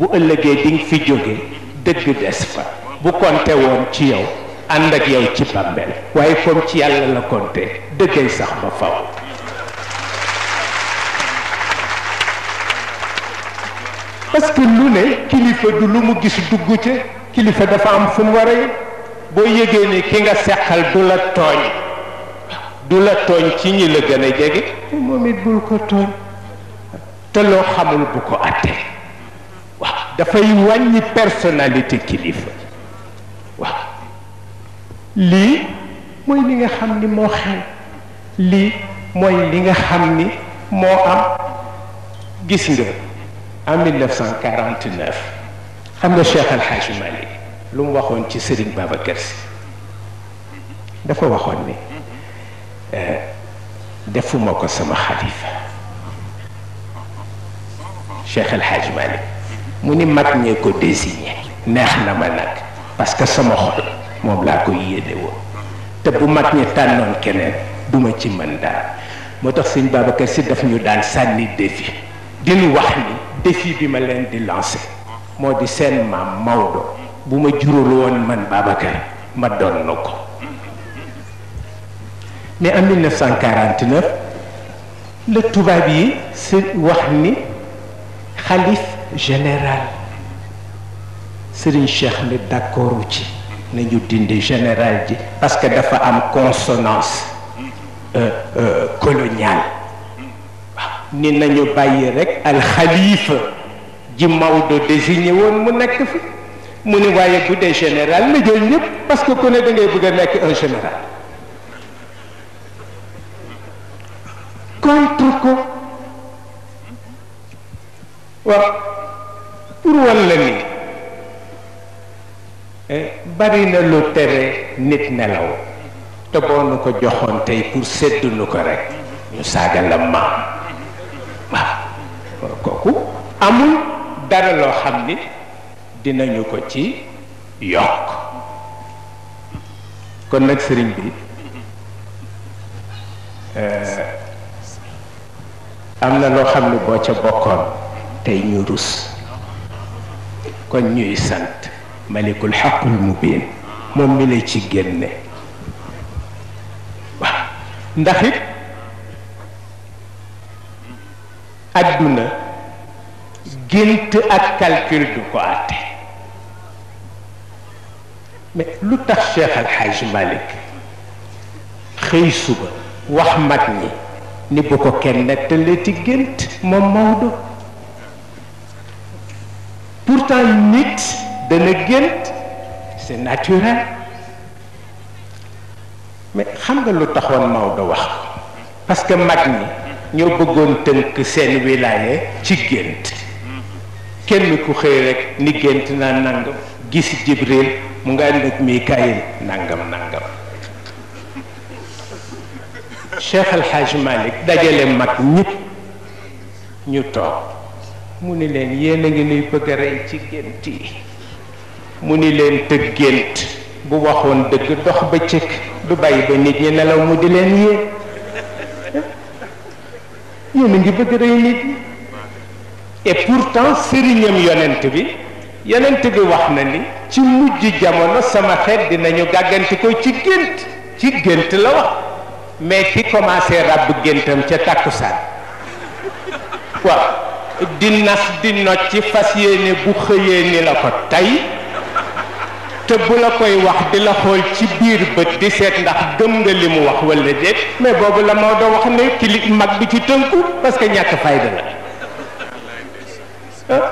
bu ëllëgee di nga fi jóge dëgg des fa bu konte woon ci yow ànd ak yow ci bàmbeel waaye comme ci yàlla la konte dëggay sax ba faw parce lu ne kilifa du lu mu gis dugg ca kilifa dafa am fum war a boo yëgee ni ki nga seqal du la tooñ du la tooñ ci ñi la gën a jege moom it bul ko tooñ te loo xamul bu ko attee da fay wàññi personnalité kilifa wa li moy li nga xamni mo xel li moy li nga xamni mo am gis nga en 1949 xam nga Cheikh Al Hadj mali lu mu waxon ci Serigne Babacar Sy dafa waxon ni defuma ko sama khalifa Cheikh Al Hadj Malick mu ni mat ñee ko désigné neex na ma nag parce que sama xol moom laa ko yéene te bu mag ñi tànnoon keneen duma ci mën daal moo tax sëñ Babacar si daf ñu daan sànni défi di wax ni défi bi ma leen di lancé moo di seen maam Maodo bu ma jural woon man Babacar ma doon na ko mais en la tubaab yi si wax ni xalif général Serigne Cheikh ne d'accord ci nañu dindi général ji parce que dafa am consonance euh, euh, coloniale ni nañu rek al Khalife ji maudo désigné won mu nekk fi mu ne waye bu général la jël ñep parce que vous ne da ngay bëgg un général contre quoi, wa. pour wan la ni eh, bari na lu tere nit nelaw te boo ko joxoon tey pour seddu nu ko rek ñu saaga la maam kooku amul dara loo xam ni dinañu ko ci yokk kon nag sëriñ bi eh, am na loo xam ni boo ca bokkoon tey ñu rus kon ñuy sant malikul xaqul mubin moom mi la ci génne waaw ndax it adduna gént ak calcul du ko àtte mais lu tax Cheikh Al Hadj Malick xëy suba wax mag ñi ni bu ko kenn nettalee ci gént moom Maodo pourtant nit dana gént c'est naturel mais xam nga lu taxoon Maodo wax parce que mag ñi ñoo bëggoon tënk seen wilaaye ci gént kenn ku xëy rek ni gént naa nangam gis Jibril mu nga ànd ak Mikaayil nangam nangam Cheikh Al Hadj dajale mag ñëpp ñu toog mu ni leen yéen a ngi nuy bëgg a rey ci gént yi mu ni leen te gént bu waxoon dëgg dox ba cëkk du bàyyi ba nit ñi nelaw mu di leen yéen yéen a ngi bëgg a rey nit ñi et pourtant sëriñam yonent bi yonent bi wax na ni ci mujj jamono sama xeet dinañu gàgganti ko ci gént ci gént la wax mais fi commencer ràbb géntam ca tàkkusaan waaw di nas di nocc ci fas yéene bu xëyee ni la ko tey te bu la koy wax di la xool ci biir bët di seet ndax gëm nga li mu wax wala déet mais boobu la Maodo wax ne kili mag bi ci tënku parce que ñàkk fayda la ah,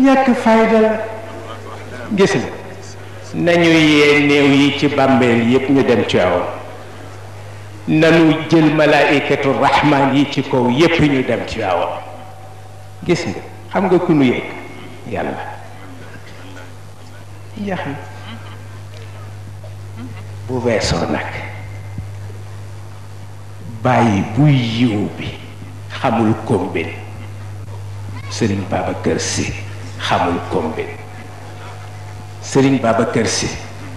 ñàkk fayda la gis nga nañu yee néew yi ci bàmbeel yépp ñu dem ci aw nanu jël malaikatu rahman yi ci kaw yépp ñu dem ci gis nga xam nga ku nu yegg yàlla jeex na bu weesoo nag bàyyi buy yiw bi xamul kombin sëriñ Babacar Sy xamul kombin sëriñ Babacar Sy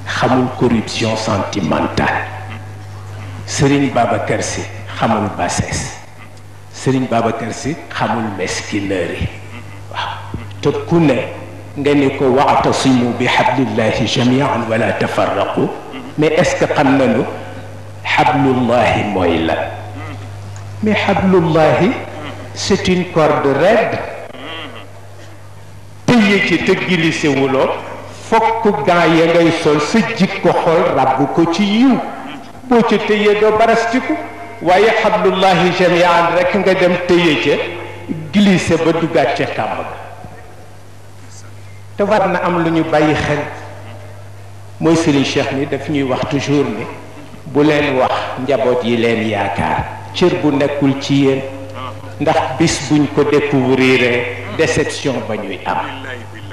xamul corruption sentimentale sëriñ Babacar Sy xamul bassesse سرين بابا كرسي خمول مسكينري تكون غني كو واعتصموا بحبل الله جميعا ولا تفرقوا ما اسك قننو حبل الله مويلا ما حبل الله ستين كورد ريد تيجي تجيلي سيولو فوكو غان ياغاي سول سجيكو خول رابو كو تي يو بو تي تيي دو باراستيكو waaye xablullahi jamian rek nga dem tëye ca glissé ba duggaat ca kàmb ga te war na am lu ñu bàyyi xel mooy Serigne Cheikh ni daf ñuy wax toujours ni bu leen wax njaboot yi leen yaakaar cër bu nekkul ci yéen ndax bis buñ ko découvrir déception ba ñuy am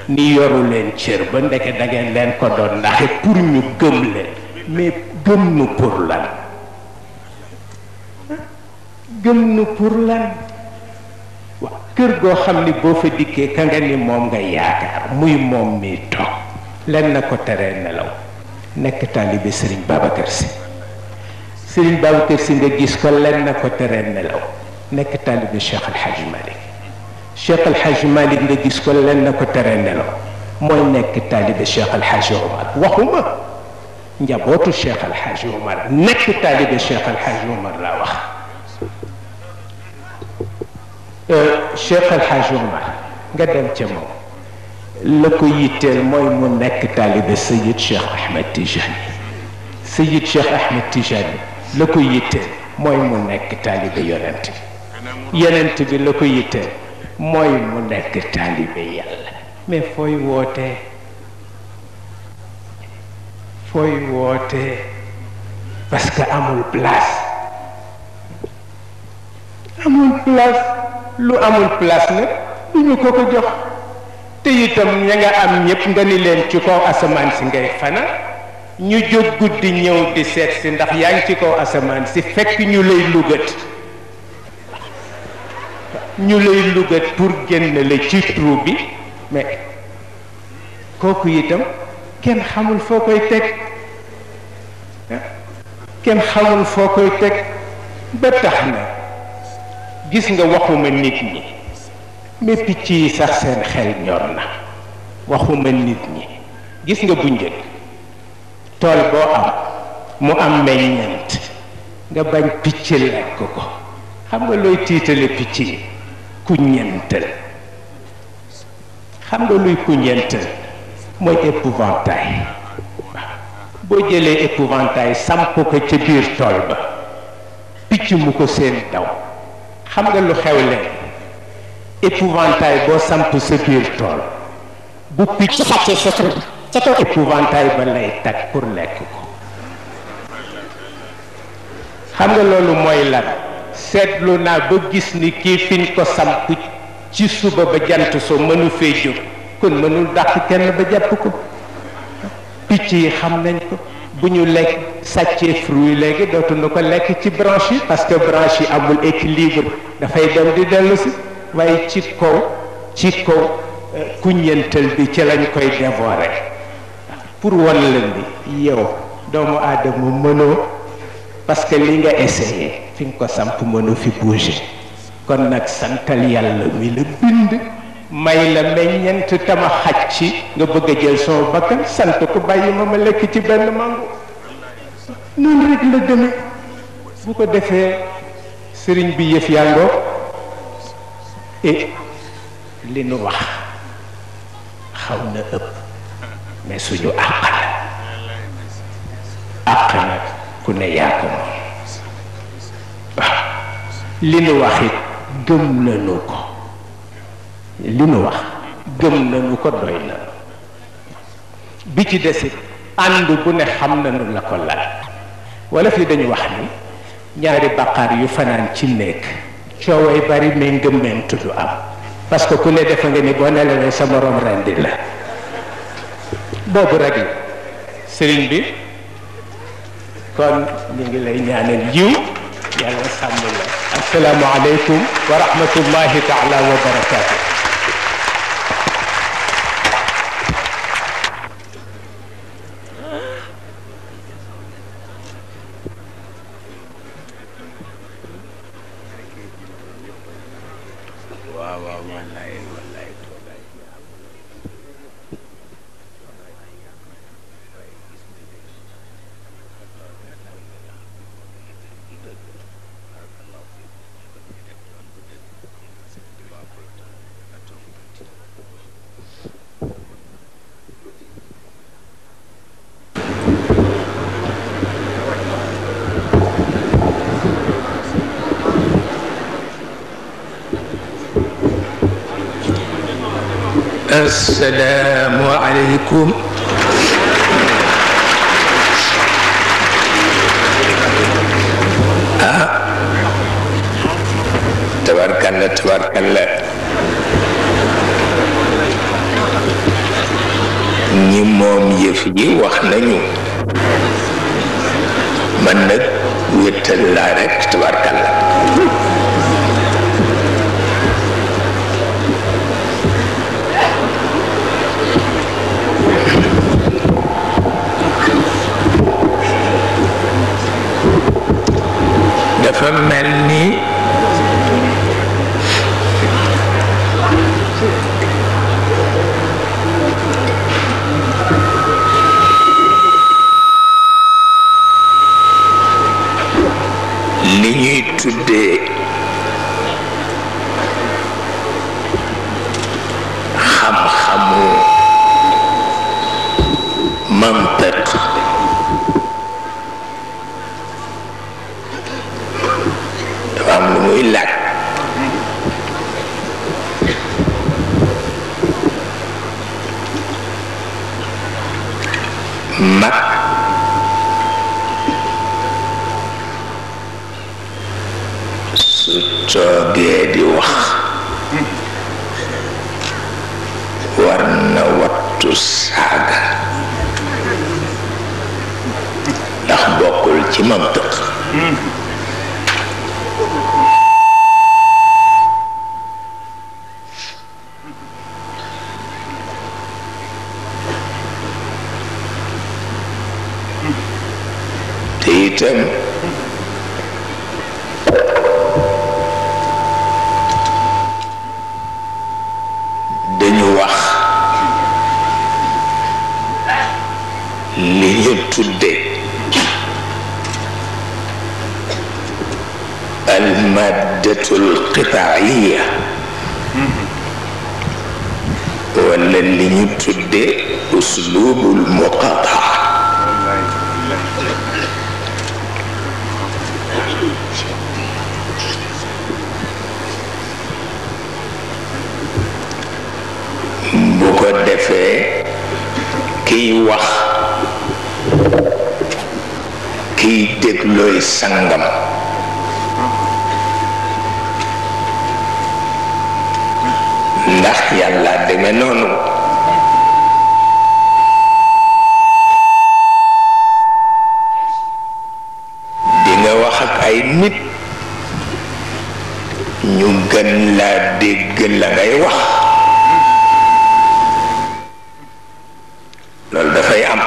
ni yoru leen cër ba ndeke da leen ko doon ndaxe pour ñu gëm leen mais gëm nu pour lan gëm nu pour lan waaw kër goo xam ni boo fa dikkee ka nga ni moom nga yaakaar muy moom mi toog lan na ko teree nelaw nekk taalibe sëriñ Babacar Sy sëriñ Babacar Sy nga gis ko lan na ko teree nelaw nekk taalibe Cheikh El Hadj Malick Cheikh El Hadj Malick nga gis ko lan na ko teree nelaw mooy nekk taalibe Cheikh El Hadj Omar waxuma njabootu Cheikh El Hadj Omar nekk taalibe Cheikh El Hadj Omar laa wax الشيخ الحاج عمر قدم تمو لكو يتل موي مو نك طالب السيد شيخ احمد تيجاني سيد شيخ احمد تيجاني لكو يتل موي مو نك طالب يونت يونت بي لكو يتل موي مو نك طالب يالا مي فوي ووتي فوي ووتي بس امول بلاص amul place lu amul place nag du ñu ko ko jox te itam ña nga am ñëpp nga ni leen ci kaw asamaan si ngay fana ñu jóg guddi ñëw di seet si ndax yaa ngi ci kaw asamaan si fekk ñu lay lugat ñu lay lugat pour génn la ci trou bi mais kooku yitam kenn xamul foo koy teg ah, kenn xamul foo koy teg ba tax na gis nga waxuma nit ñi mais picc yi sax seen xel ñor na waxuma nit ñi gis nga bu njëkk tool boo am mu am meññeent nga bañ picc lekk ko xam nga looy tiitale picc yi ku ñeental xam nga luy ku ñeental mooy épouvantail boo jëlee épouvantail samp ko ca biir tool ba picc mu ko seen daw xam nga lu xewle épouvantail boo samp sa biir tool bu picc ci sàccee sa tur ca kaw épouvantail ba lay tag pour lekk ko xam nga loolu mooy lan seetlu naa ba gis ni kii fiñ ko samp ci suba ba jant soo mënu fee jóg kon mënul dàq kenn ba jàpp ko picc yi xam nañ ko bu ñu lekk sàccee fruit léegi dootuñu ko lekk ci branche yi parce que branche yi amul équilibre dafay dem di dellu si waaye ci kaw ci kaw euh, kuññental bi ci lañ koy dévorer pour wan leen bi yow doomu aadama mënoo parce que li nga essayé fi nga ko samp mënoo fi bouger kon nag santal yàlla mi la bind may la meññent tama xaj ci nga bëgg a jël sama bakkan sant ko bàyyi ma ma lekk ci benn mango noonu rek la demee bu ko defee sëriñ bi yëf yàngoo et eh, li nu wax xaw na ëpp mais suñu àq la àq na ku ne yaa ko moom li nu wax it gëm nañu ko li nu wax gëm nañu ko doy na bi ci desit ànd bu ne xam nañu la ko laaj wala fi dañu wax ni ñaari bàqaar yu fanaan ci nekk cooway bari mais ngëmmentu du am parce que ku ne defe nga ni boo nelawee sa morom rendi la boobu rek sëriñ bi kon ñu ngi lay ñaanal yiw yàlla sàmm la asalaamaaleykum wa rahmatullahi taala wa barakaatu السلام عليكم تبارك الله تبارك الله ñi moom yëf yi wax nañu man nag wéttal laa rek tabarkalla dafa mel ni li ñuy tuddee المادة القطعية ولا اللي يبتدي أسلوب المقاطعة بقد في كي وخ كي تكلوي سنغم ndax yàlla deme noonu di nga wax ak ay nit ñu gën laa dégg la ngay wax loolu dafay am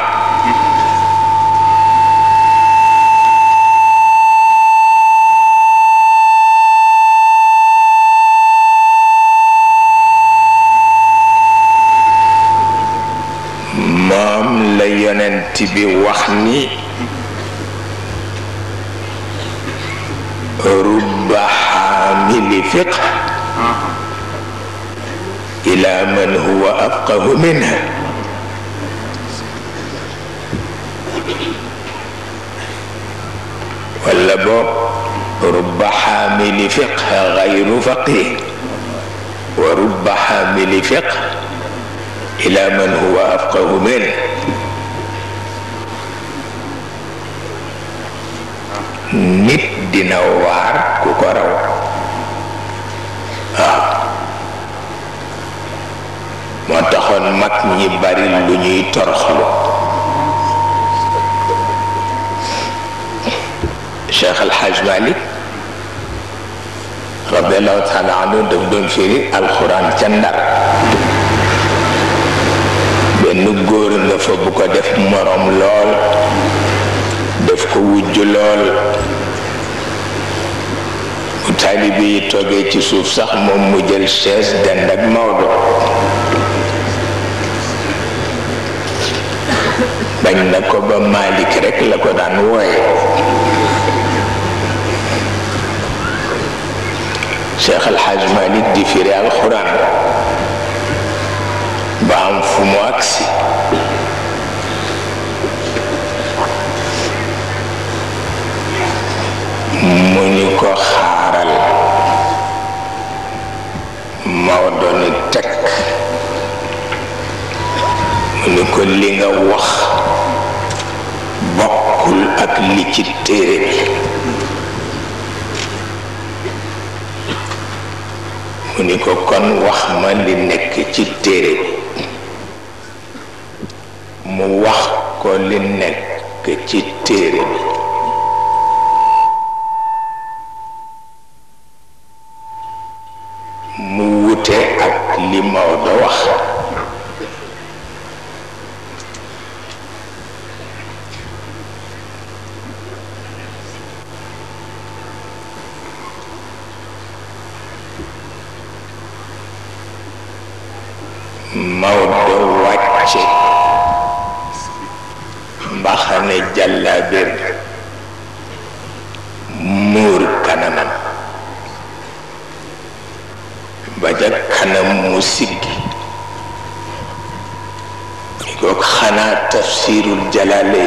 عامل فقه إلى من هو أفقه منها ولا رب حامل فقه غير فقيه ورب حامل فقه إلى من هو أفقه منه نبدنا dina waar waaw moo taxoon mag ñi bari lu ñuy toroxlu cheikh alxaaj malik radiallahu taala anhu daf doon firi alquran ca ndar benn góor nga fa bu ko def morom lool def ko wujj lool talibi toge ci suuf sax moom mu jël chaise dend ak Maodo bañ na ko ba malik rek la ko daan wooye Cheikh Al Hadj Malick di firi alxuraan ba am fu mu agsi mu ni ko moo doon tekk mu ni ko li nga wax bokkul ak li ci téere bi mu ni ko kon wax ma li nekk ci téere bi mu wax ko li nekk ci téere bi ba ca kanam mu siggi ni ko xanaa tafsirul jalale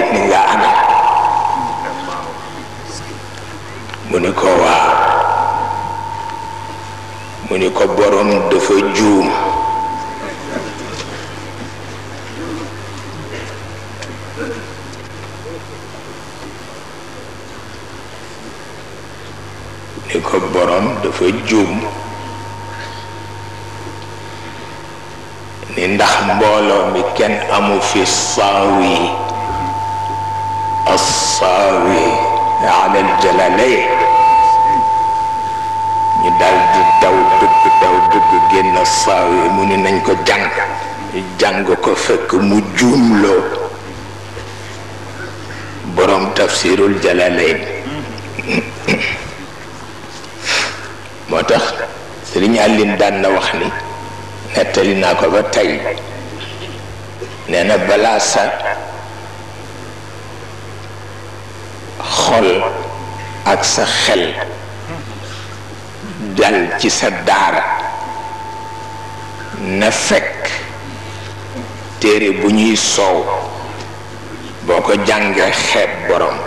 mu ni ko waa mu ni ko borom dafa juum ni ko borom dafa juum mbooloo mi kenn amu fi saawi assaawi ala aljalalay ñu dal di daw dugg daw dugg génn saawi mu ni nañ ko jàng jàng ko fekk mu juumloo boroom tafsirul jalalayn moo tax Sëriñ Aline daan na wax ni nettali naa ko ba tey nee na balaa sa xol ak sa xel dal ci sa daara na fekk téere bu ñuy soow boo ko jàngee xeeb borom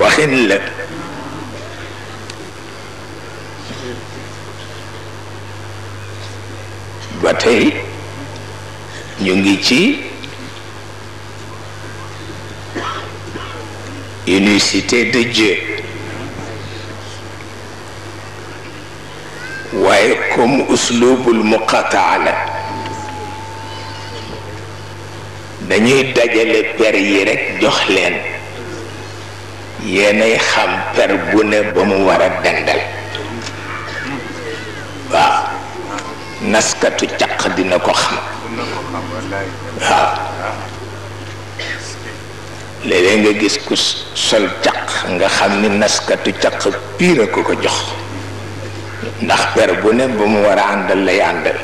waxin la ba tey ñu ngi ci unicité de Dieu waaye comme uslubul muqataa dañuy dajale per yi rekk jox leen yéenay xam per bu ne ba mu war a dendal waaw naskatu caq dina ko xam waaw léeg nga gis ku sol caq nga xam ni naskatu caq piira ko ko jox ndax per bu ne ba mu war a àndal lay àndal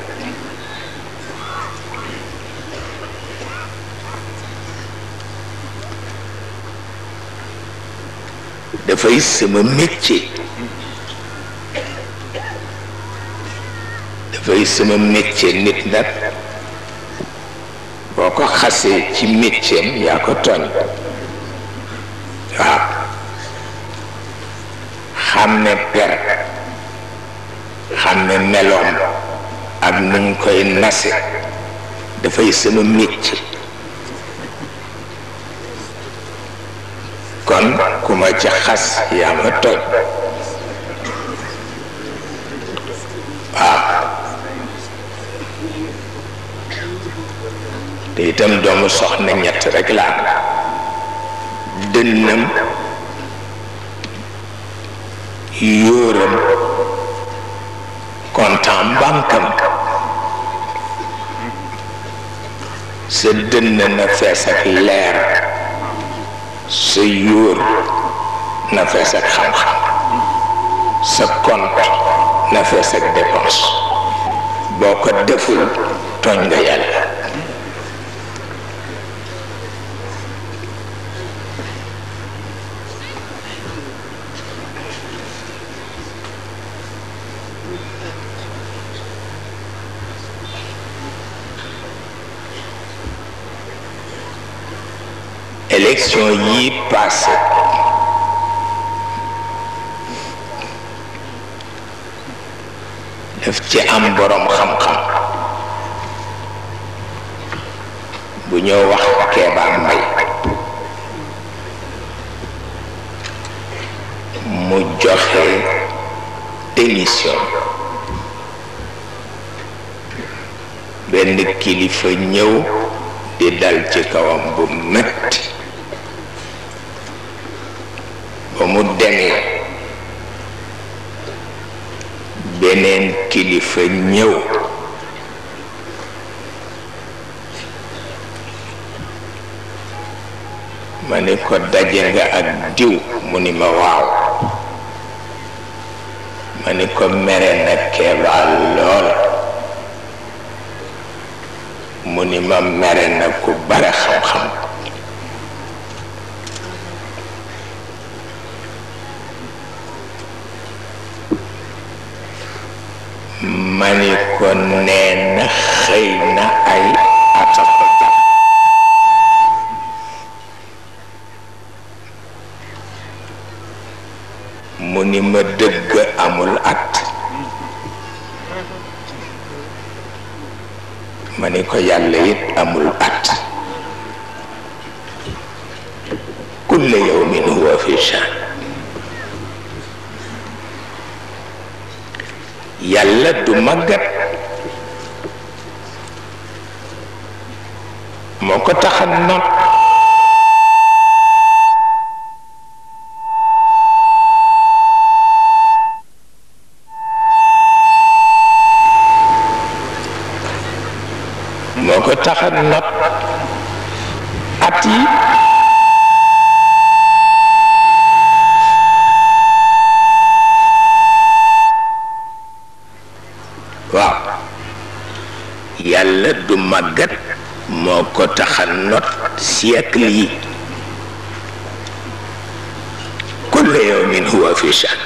dafay sama métier fay sama métier nit nag boo ko xasee ci métier yaa ko tooñ waaw xam per xam meloom ak nu ñu koy nase dafay sama métier kon ku ma ci xas yaa ma tooñ te itam doomu soxna ñett rek la dënnam yóoram kontaan bànkam sa dënn na fees ak leer sa yóor na fees ak xam-xam sa compte na fees ak dépense boo ko deful tooñ nga yàlla élection yi ci am boroom xam-xam bu ñoo wax Kéba Mbaye mu joxe démission benn kilifa ñëw di dal ci kawam bu demee beneen kilifa ñëw ma ne ko daje nga ak diw mu ni ma waaw ma ni ko mere na keebaa lool mu ni ma mere na ku bare ma ni ko nee na xëy na ay atam mu ni ma dëgg amul at ma ni ko yàlla it amul at kulle yawmin huwa fi shan yàlla du màggat moo ko tax a nopp siècle yi kullu yawmin huwa fi shan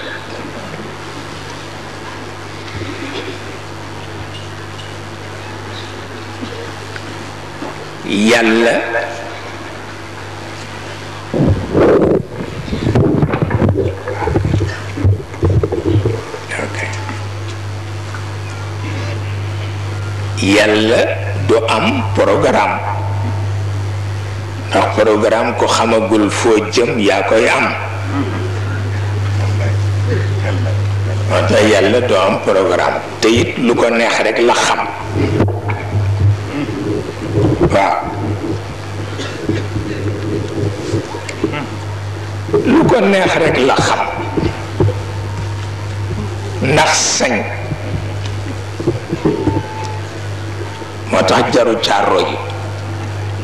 am programme programme ku xamagul foo jëm yaa koy am moo tax yàlla doo am programme lu ko neex rek la xam waaw lu ko neex rek la xam ndax sañ moo tax jaru caaroo ji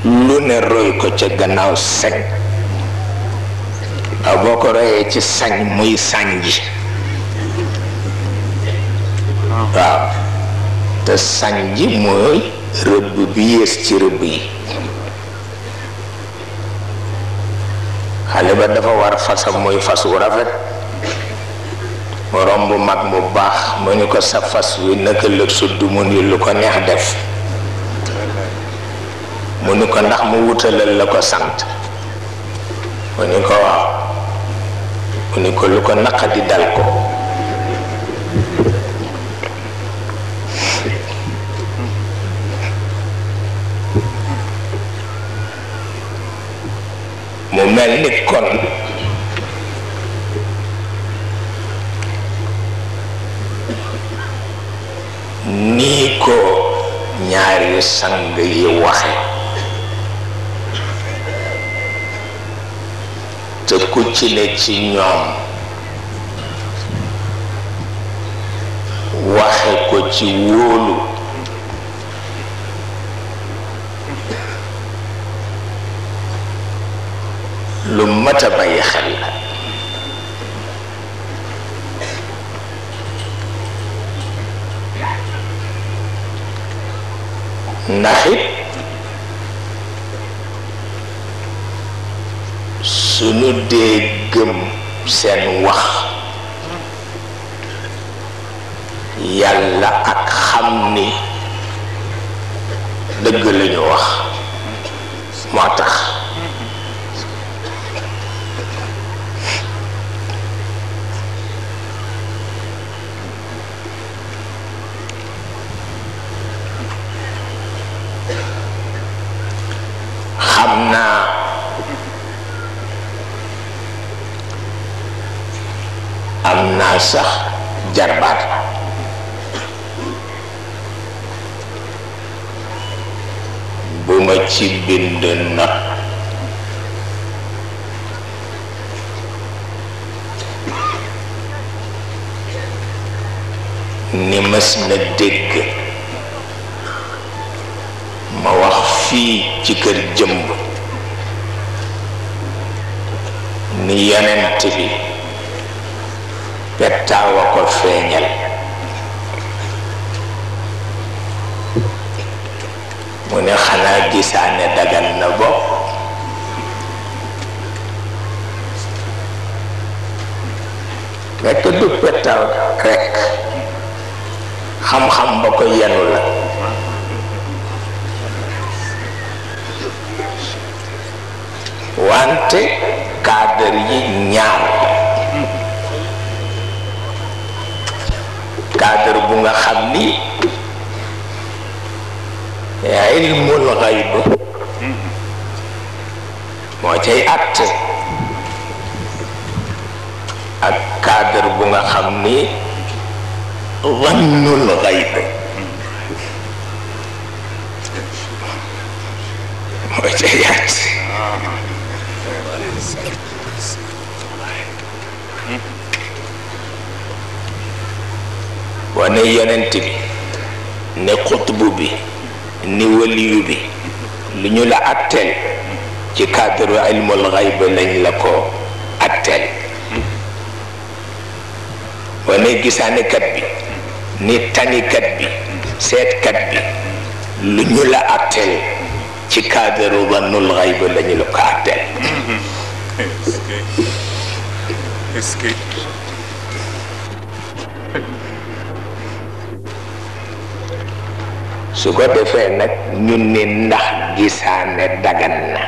lu ne roy ko ca gannaaw seg waaw ah, boo ko royee ci sañ muy sañ ji waaw te sañ ji mooy rëbb bi yées ci rëbb yi xale ba dafa war fasam muy fas wu rafet mu romb mag mu baax mu ni ko sa fas wi naka lëg su du mu lu ko neex def mu ni ko ndax mu wutalal la ko sant mu ni ko waaw mu ni ko lu ko naqadi dal ko mu mel ni kon nii ko ñaari sang yi waxe te ku ci ne ci ñoom waxe ko ci wóolu lu mat a bàyyi xel la ndax suñu dee gëm seen wax yàlla ak xam ni dëgg lañu wax moo tax jarbar bu ma ci denak Nimas ni mës na jembut ma wax bettaawa ko feeñal mu ne xanaa gisaane na bopp rekk du pettaaw xam-xam ba ko yenu la wante ilmul xayb moo cay àtte ak cadre bu nga xam ni wannul xayb moo cay àtte wane yonent bi ne xutbu bi ni waliyu bi lu ñu la atteel ci cadre ilmul xayb nañ la ko atteel wane gisaanekat bi ni tanikat bi seetkat bi lu ñu la atteel ci cadre wannul xayb lañu la ko atteel su ko defee nag ñun ni ndax gisaane daggan na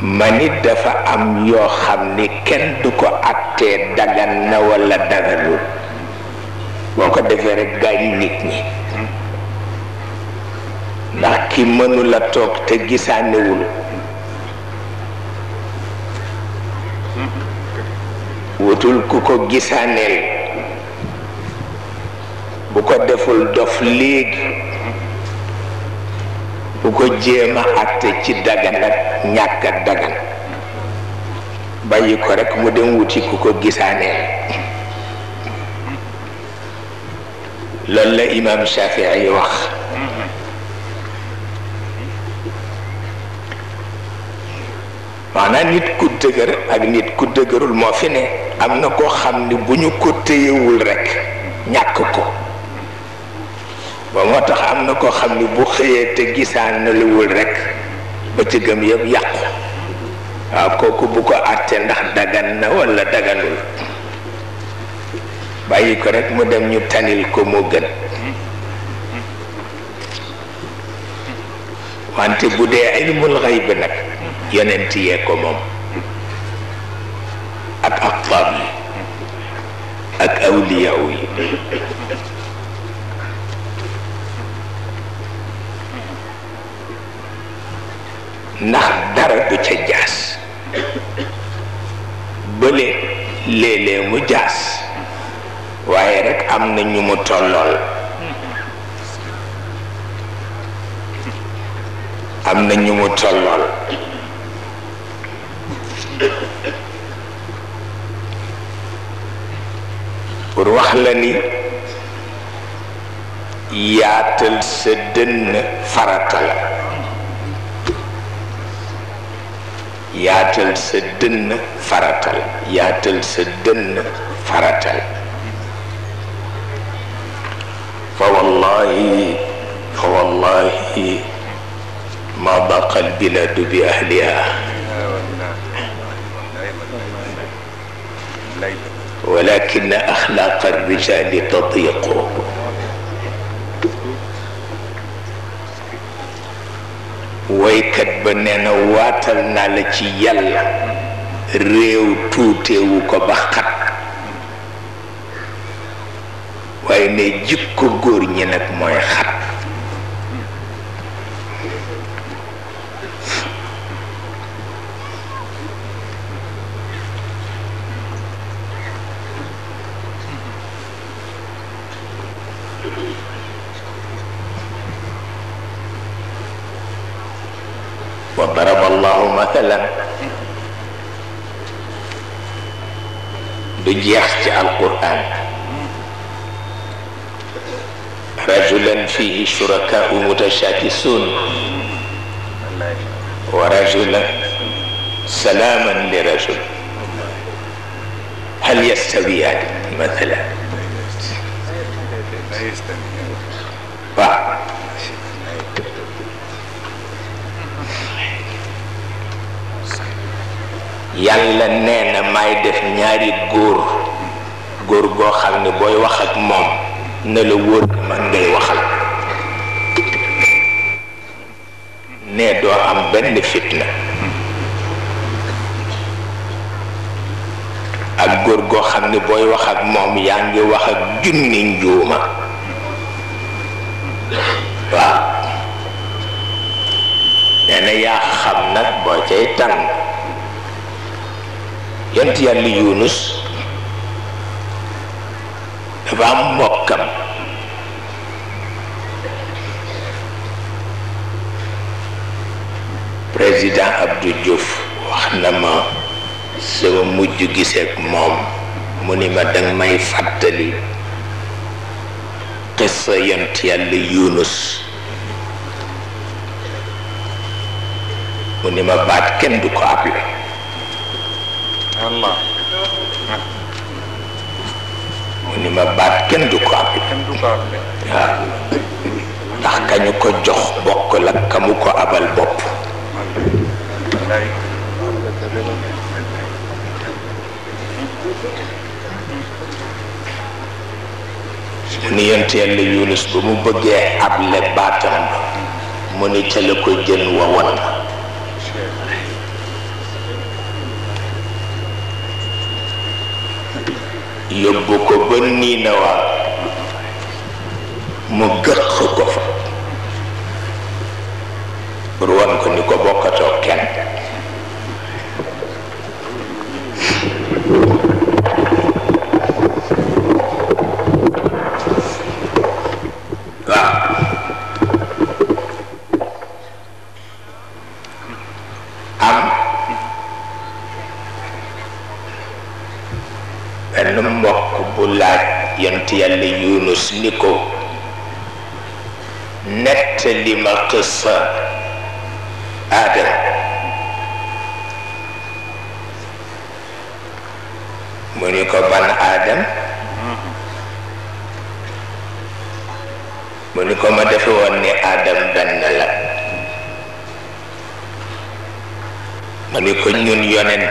ma ni dafa am yoo xam ni kenn du ko àttee dagan na walla daganul boo ko defee rekk gaañ nit ñi ndax ki mënula toog te gisaanewul wutul ku ko gisaaneel bu ko deful dof léegi bu ko jéem a ci dagan ak ñàkk ak bàyyi ko rekk mu dem wuti ku ko gisaaneel loolu la imaam Shafii wax maanaam nit ku dëgër ak nit ku dëgërul moo fi ne am na koo xam ni bu ñu ko téyewul rekk ñàkk ko ba moo tax am na koo xam ni bu xëyee te gisaan na luwul rekk ba ci gëm yëpp yàqu waaw kooku bu ko àtte ndax dagan na walla daganul bàyyi ko rekk mu dem ñu tanil ko moo gën wante bu dee ilmul xayb nag yonent yee ko moom ak aqtaab yi ak awliyaaw yi ndax dara du ca jaas bële léeg-léeg mu jaas waaye rekk am na ñu mu tollool la na ñu mu tollool pour wax la ni yaatal sa dënn farata la ياتل سدن فراتل ياتل سدن فراتل فوالله فوالله ما بقى البلاد بأهلها ولكن أخلاق الرجال تضيق woykat ba nee na waatal naa la ci yàlla réew tuutewu ko ba xat waaye ne jikko góor ñi nag mooy xat فيه شركاء متشاكسون ورجلا سلاما لرجل هل يستويان مثلا yàlla nee na may def ñaari góor góor goo xam ne booy wax ak moom na la wóor man ngay waxal ne do am ben fitna ak gor go xamne boy wax ak mom yaa ngi wax ak jinni njuma wa dana ya xam nak bo cey tan yont yàlla yunus dafa am mbokkam président Abdou Diouf wax na ma sama mujj giseek moom mu ni ma danga may fàttali xissa yont yàlla Yunus mu ni ma baat kenn du ko appelé Allah mu ni ma baat kenn du ko appelé waaw ndax kañu ko jox bokk la kamu ko abal bopp mu ni yent yàlla yunus ba mu bëggee able baatam mu ni ca la ko jën wa wan yóbbu ko ba nii na mu gëq ko fa pour ko ni ko bokk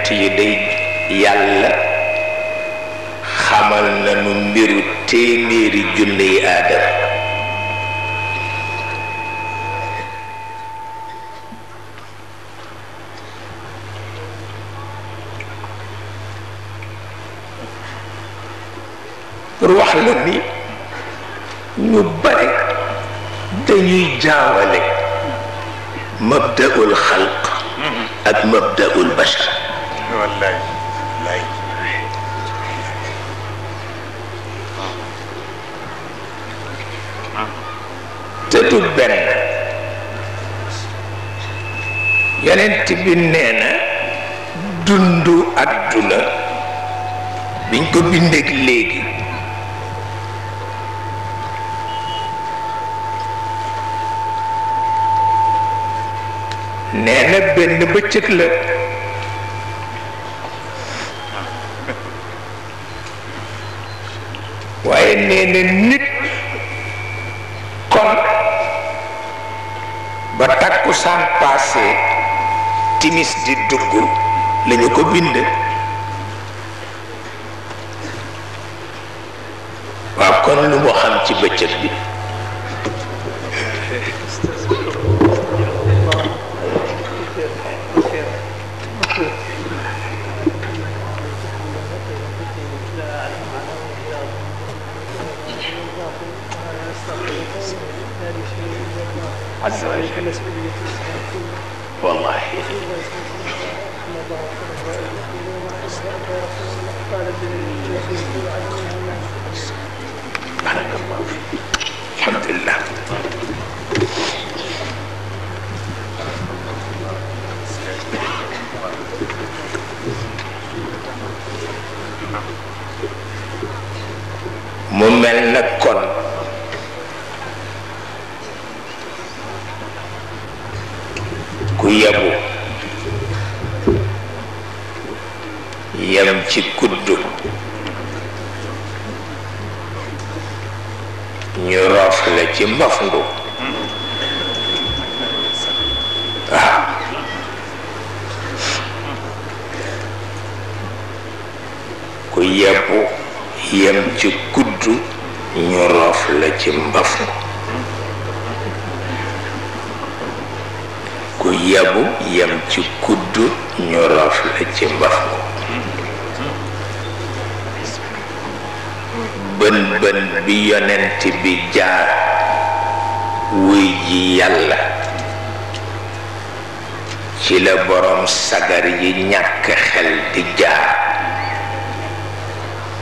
yonent yi day yàlla xamal nañu mbiru téeméeri junne yi aadama pour wax la ni ñu bare dañuy jaawale mabdaul xalq ak mabdaul bashar wallaay wallaay te benn yonent bi nee na dundu àdduna biñ ko bindeek léegi nee benn bëccëg la waaye nee na nit kon ba takkusaan paase timis di dugg lañu ko bind waaw kon lu mu xam ci bëccëg bi yam ci kudd ñu raf la ci mbax ko bën bën bi yonent bi jaar wuy ji yàlla ci la borom sagar yi ñàkk xel di jaar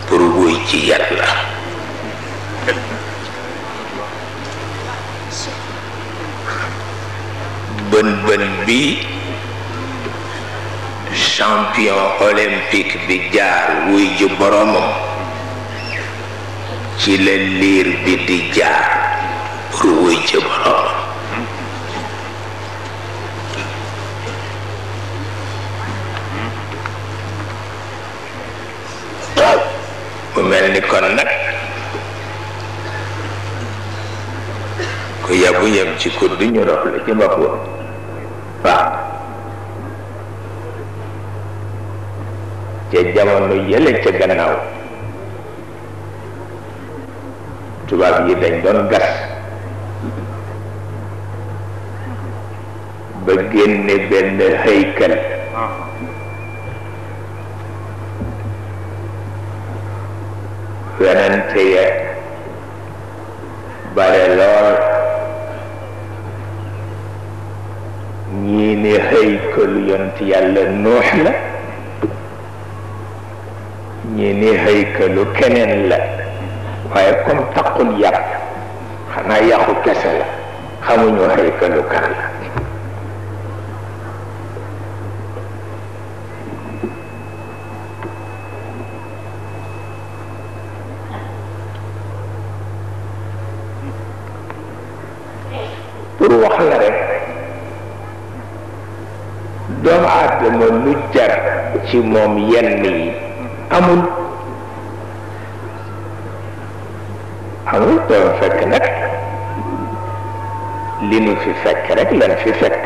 pour wuy ji yàlla bën bën bi champion olympique bi jaar wuy ji boromam ci la liir bi di jaar pour wuy ji boromam mu mel ni kon nag ku yabu yem ci kur du ñu la ci bopp waaw ca jamono yële ca gannaaw tubaab yi dañ doon gas ba génne benn haykal werante ya bare lool ديني هاي كل يونت يالا نوحلا ني هاي كلو كنن لا واي كوم تقول يرا خنا ياخو كسلا خمو ني هاي كلو كارلا xamne mooy lu jar ci moom yenn yi amul amul doon fekk nag li nu fi fekk rek lan fi fekk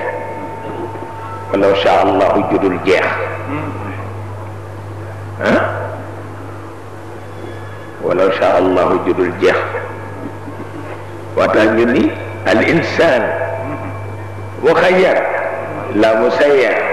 walaw sha allahu judul jeex ah walaw sha allahu judul jeex watax ñu ni al insan مخير لا مسير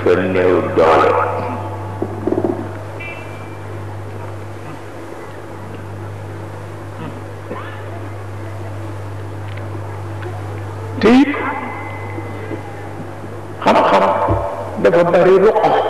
dafa néew doole te it xam-xam dafa bari ruqo